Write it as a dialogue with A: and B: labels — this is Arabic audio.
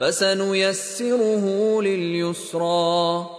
A: فسنيسره لليسرى